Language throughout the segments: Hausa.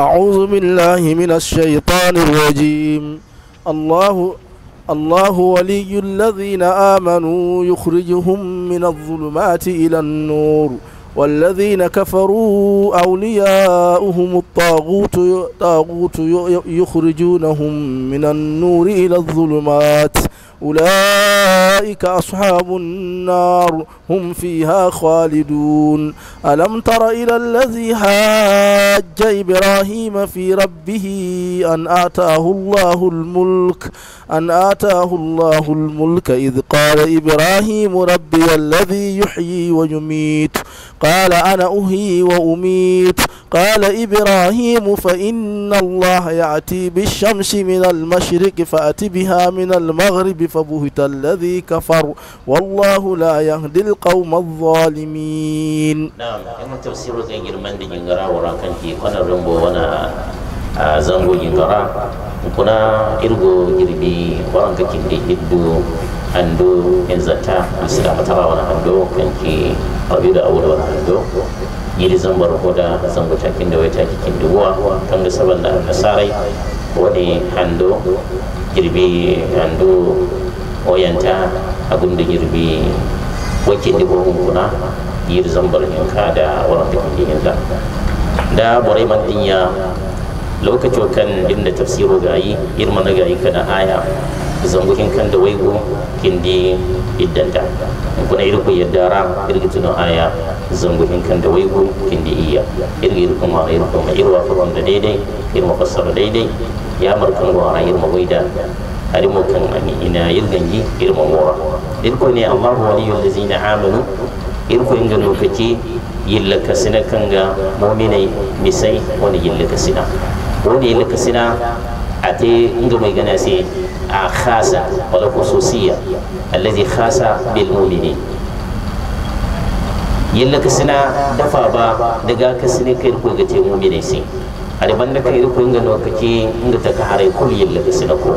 أعوذ بالله من الشيطان الرجيم الله الله ولي الذين آمنوا يخرجهم من الظلمات إلى النور والذين كفروا أولياؤهم الطاغوت طاغوت يخرجونهم من النور إلى الظلمات أولئك أولئك أصحاب النار هم فيها خالدون ألم تر إلى الذي حاج إبراهيم في ربه أن آتاه الله الملك أن آتاه الله الملك إذ قال إبراهيم ربي الذي يحيي ويميت قال أنا أهي وأميت قال إبراهيم فإن الله يأتي بالشمس من المشرق فأت بها من المغرب فبهت الذي كفر والله لا يهدي القوم الظالمين نعم كما تفسير كان من دي جنغرا وراكن كي كنا رمبو ونا آه، زنغو جنغرا كنا إرغو جربي وراكن كي جدو أندو إنزتا بسلامة وانا أندو كان كي قبيل أول وانا أندو yiri zambar hoda zango da way kan da saban da nasarai wani hando girbi hando oyanta agumde girbi wake da hum kuna yiri zambar yanka da waranta kindi hen da da kan man dinya lokaco kan dinda tafsiro gayi irmana gayi kada aya zango kan da waygo kindi iddanta kuna dara irgi tuno aya zango kan da kin di iya irgi kuma ma irko ma irwa fa wanda daidai irma fassara daidai ya markan go ma irma ari arimo kan ani ina yirganji irma mora ko ne allah waliyul ladzina amanu ko inga lokaci yilla kasina kanga mu'minai misai wani yilla kasina wani yilla kasina ate inga mai gana sai خاصة ولا خصوصية الذي kasa بالمؤمنين yalla ka dafa ba daga ka sune kai ko ga te mu'mini sai a daban da kai ko ga no kake kul yalla ka ko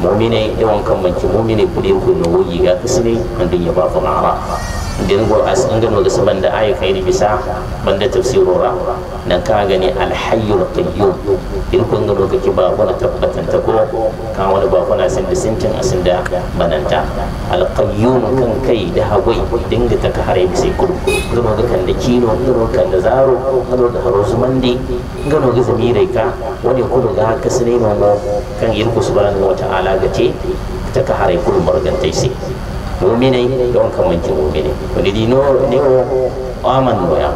mu'mini yawan kan manki mu'mini kudin ko no wuyi ga ka sune an dunya ba fa ma'ara din go as da saban da banda ka gani al hayyul qayyum in kun gano kake ba ko asin da bananta alqayyum kan kai da hagwai dinga ta kahare bisi kuru gano ga kan da kino gano kan da zaro gano da haro zumandi gano ga zamirai ka wani kudu ga haka su ne mamo kan yirku subhanahu wa ta'ala gace ta kare kuru margantai sai mu'minai da wankan wankin mu'minai wani dino ne o aman noya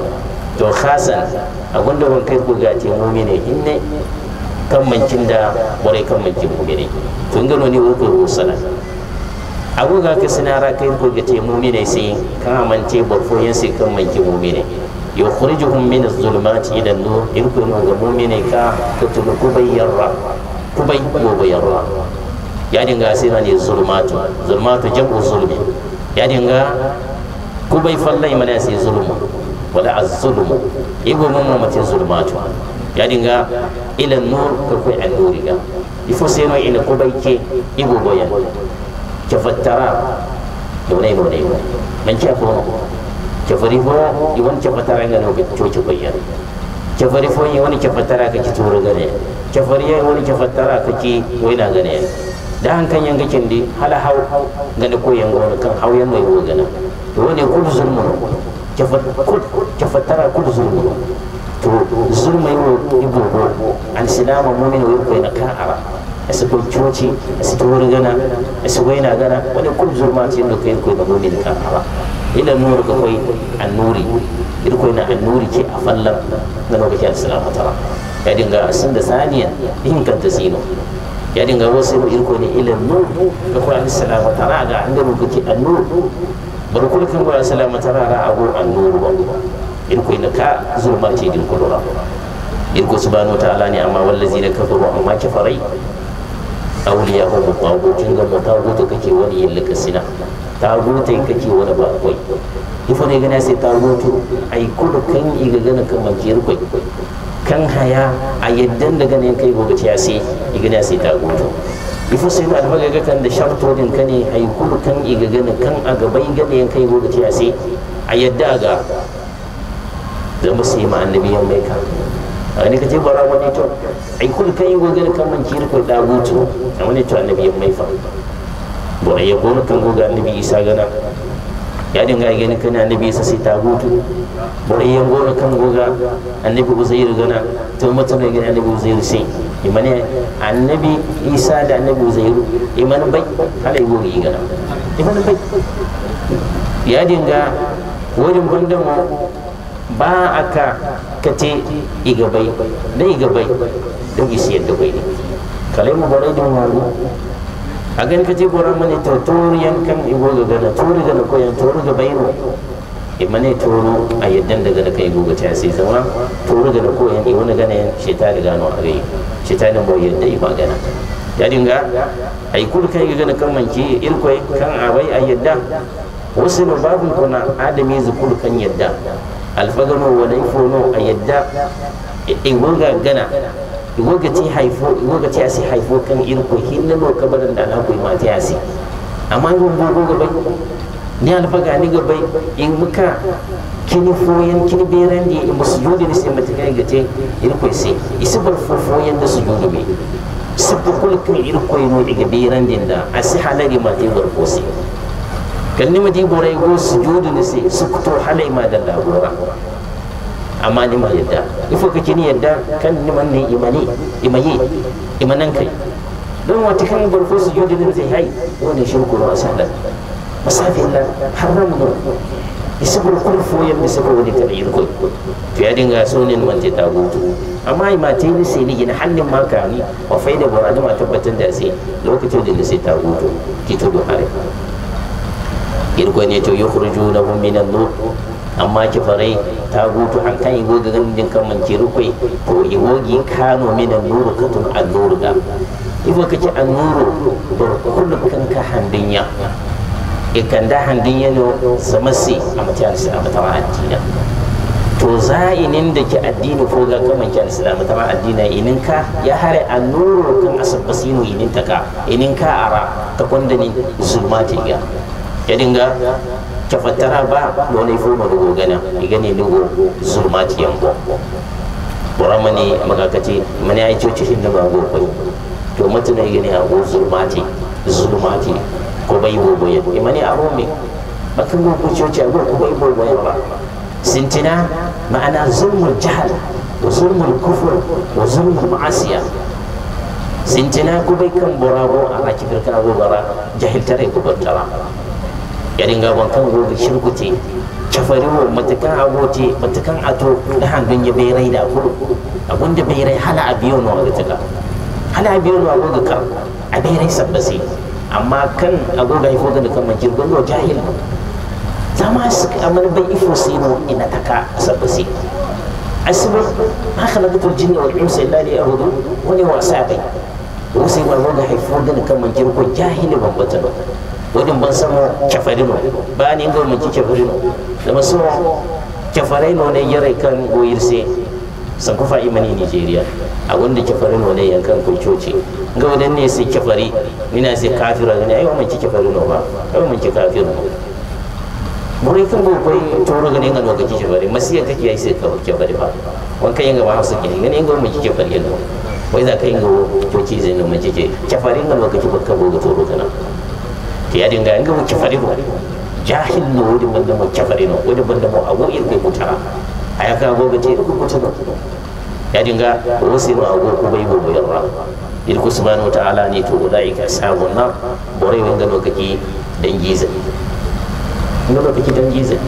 to khasan a gunda kai ku gati mu'minai hinne kan mancin da warai kan mancin mumine tun gano ne wuko rusana agoga ka sinara kai ko ga te mumine sai kan amante barfoyin sai kan mancin mumine yukhrijuhum min adh-dhulumati ila an-nur in mun ga mumine ka kutubu kubayyarra kubai kubayyarra ya dinga sira ne zulumatu zulumatu jam'u zulmi ya dinga kubai fallai mana sai zulmu wala az-zulmu igo mun mutin zulmatu yadinga ila nur ka ko an nuriga ifo seno ina ko bayke ibo boya ke fatara do nay mo nay mo ke ko ke fari fo i won ke fatara ga no ke coci boya ke fari fo i won ke fatara ka ki turo ne ke fari i won ke fatara ka ki wina ne da han kan yanga kindi hala haw ga ko yanga won kan haw yanga yo gana woni kudu zulmu ke fatara kudu zulmu zulma yi igbo alsilama mumin wa yukwai na ka'ara esi A esi tori gana esi waina gana wani kul zulma ci inda kai koy na mumin ara. ila nuru ka koy annuri irkoy na annuri ci a fallan na lokaci alsilama tara ya dinga sun da saniya in kan ta sino ya dinga wasu irko ne ila nuru ka koy alsilama tara ga inda mu kike annuru barkulkin wa alsilama tara ra ago annuru ba irko ina ka zurma ce din kulura irko subhanahu wa ta'ala ne amma wallazi ne kafaru amma kafarai awliya hu tun ga ta tawutu kake wani yin likasina tawutai kake wani ba koi ifa ne gana sai a ai kudu kan iga gana majiyar kwai kan haya a yaddan da ganin kai ba ya sai igana sai ta goto ifa sai da albaga ga kan da sharto din kane yi kul kan ga gana kan a gabai ganin kai ba ya sai a yadda ga zan ba sai ma annabi yan mai ka ani ka ce bara wani to ai kul kan yi gogar kan man kiri ko da gutu a wani to annabi yan mai fa bo ai yabo kan goga annabi isa gana ya dinga gani kan annabi isa sai ta gutu bo ai yabo kan goga annabi uzair gana to mutum ne gani annabi uzair sai imani annabi isa da annabi uzair imani bai kala yi yi gana imani bai ya dinga wurin bandan ba aka kace igabai dai igabai don isi yadda bai ne kalai mu bare din wani a gani kace bora mani ta tori yankan igo ga gana tori gana ko yan tori ga bai e mani toro a yaddan da gana kai goga ta sai zama toro na ko yan iwo na gana ta shetani gano a gai da boye da ima gana ya dinga ai kul kai gana kan manki irkoi kan abai a yadda wasu babin kuna adami zukul kan yadda alfagano wala fono a yadda igoga gana igoga ti haifo igoga ti asi haifo kan irko hinno kabaran da na koyi mata yasi amma igon gogo gabai ni alfaga ni gabai in muka kini foyan kini beran di in musu yodi ni sai mata kai gace irko sai isi bar foyan da su yodi be sibu kulkin irko yi no iga beran din da asi halari mata irko sai kan nima di bore go sujudu ni se sukuto halai ma da labura amma ma yadda ifo kake ni yadda kan man ne imani imaye imanan kai don wata kan barfo sujudu ni se hai wani shirku na asalan masafin nan haram no isibur kun foyan bisa ko wani kan yirko ya dinga sunin man ta gutu amma ima ta yi sai ni gina hannun ma ka ni wa faida bora da ma tabbatar da sai lokacin da ni sai ta gutu ki do hare irgone to yukhrijunahum minan nur amma farai ta gutu an kan yi ga ganin kan man rukwai ko yi gi kano minan nuru katun annuru ga igo kace annuru bur kullu kan ka handinya ikan e da handinya no samasi a mutiyar a ta addina to za inin da ki addini ko ga kaman kyan islamu ta addina inin e ka ya hare annuru kan asabasinu inin ta ka inin e ka ara ta kundani zulmati ga yadinga cafatara ba lona ifo magogo gana igani lugo zulmati yambo bora mani magakati mani ai cuci hinda ba ko kai to matuna igani a go zulmati zulmati ko bai bo boye imani a rome bakin go ko cuci a go ko bai bo boye ba sintina ma'ana zulmul jahl wa zulmul kufr wa zulmul ma'asiya sintina ko bai kan borabo a rakibir kan go bara jahil tare ko tara yaringa bankan gobe shirkute cafariwo matakan agote matakan ato da hangin ya bai rai da kuru abun da bai rai hala a biyo nawa ga tuka hala a biyo nawa ga kan a bai rai sabbasi amma kan agoga ya foga da kan majir gwamnati jahil zama su mana bai ifo sino ina taka sabbasi asibar ka na gutar jini wa ɗin sai lalai a hudu wani wasa bai wasu yi wa agoga haifo da kan majir ko jahili bambata ba wajen ban sama kafarino ba ni ngor mun ki kafarino da masura kafarino ne yare kan sai san kufa imani nigeria a wanda kafarino ne yankan ko coci ga wadan ne sai kafari mina sai kafira ne ai mun ki kafarino ba ai mun kafira kafiro bore kan go koy toro ga ne ga lokaci kafari masiya kake ai sai ka kafari ba wanka yanga ba hausa ke ne ga mun ci kafari ne wai za ka yi ga coci zai mun ki kafari ga lokaci ba ka go ga toro kana yanga nga nga mo jahil ne wani banda mo ne wani banda mo a woƴir koye mo tara aya ka ku te ko ya yaɗi nga wosino a go ko bai bobo ra yiɗi ko subhanahu wa taala ni to ulaika ashabu nar boray we ngano kaki dan jiza ngano kaki dan jiza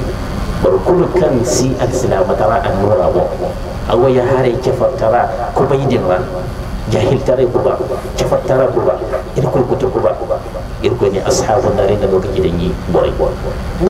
bar kulu kan si alsilama tara annora bo awoya haare kifar tara ko ɓaydin ra jahil tare ko ba cafat tare ko ba ir ko ko to ko ba ir ko ni ashabu narin da lokaci da ni boy boy